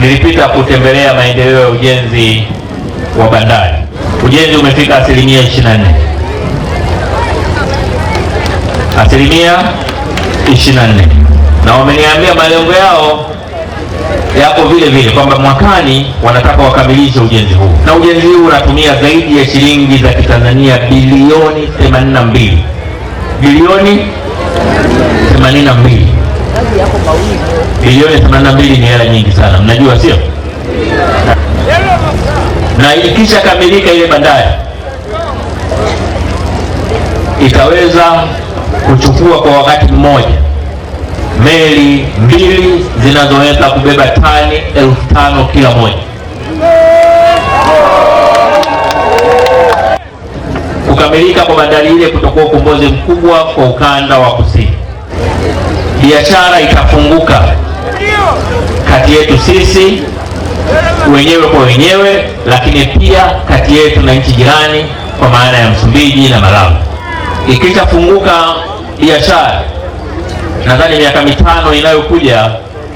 nilipita kutembelea maendeleo ya ujenzi wa bandari. Ujenzi umefika asilimia 24, asilimia 24, na wameniambia malengo yao yako vile vile kwamba mwakani wanataka wakamilishe ujenzi huu, na ujenzi huu unatumia zaidi ya shilingi za Kitanzania bilioni 82, bilioni 82 bilioni themanini na mbili ni hela nyingi sana, mnajua sio? Na ikisha kamilika ile bandari itaweza kuchukua kwa wakati mmoja meli mbili zinazoweza kubeba tani elfu tano kila moja. Kukamilika kwa bandari ile kutakuwa ukombozi mkubwa kwa ukanda wa kusini biashara itafunguka kati yetu sisi wenyewe kwa wenyewe, lakini pia kati yetu na nchi jirani kwa maana ya Msumbiji na Malawi. Ikishafunguka biashara, nadhani miaka mitano inayokuja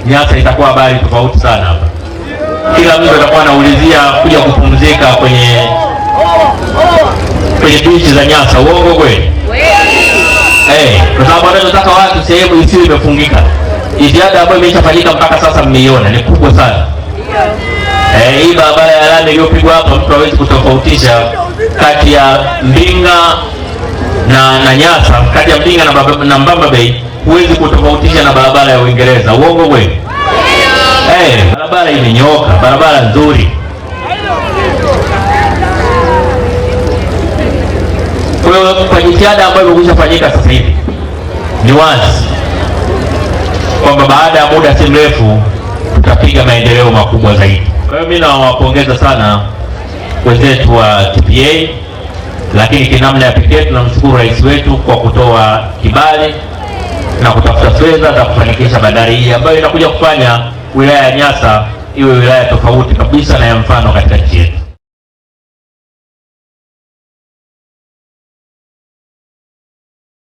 Nyasa itakuwa habari tofauti sana hapa. Kila mtu atakuwa anaulizia kuja kupumzika kwenye kwenye bichi za Nyasa. Uongo kweli? Hey. Eh kwa sababu anachotaka watu sehemu isiyo imefungika. Iziada ambayo imeshafanyika mpaka sasa mmeiona ni kubwa sana. Eh, hii barabara ya lami iliyopigwa hapa, mtu hawezi kutofautisha kati ya Mbinga na, na Nyasa, kati ya Mbinga na, na Mbamba Bay huwezi kutofautisha na barabara ya Uingereza. Uongo kweli? Eh, barabara imenyooka, barabara nzuri. Kwa hiyo kwa jitihada ambayo imekwisha fanyika sasa hivi ni wazi kwamba baada ya muda si mrefu tutapiga maendeleo makubwa zaidi. Kwa hiyo mimi nawapongeza sana wenzetu wa TPA, lakini kinamna ya pekee tunamshukuru rais wetu kwa kutoa kibali na kutafuta fedha za kufanikisha bandari hii ambayo inakuja kufanya wilaya ya Nyasa iwe wilaya tofauti kabisa na ya mfano katika nchi yetu.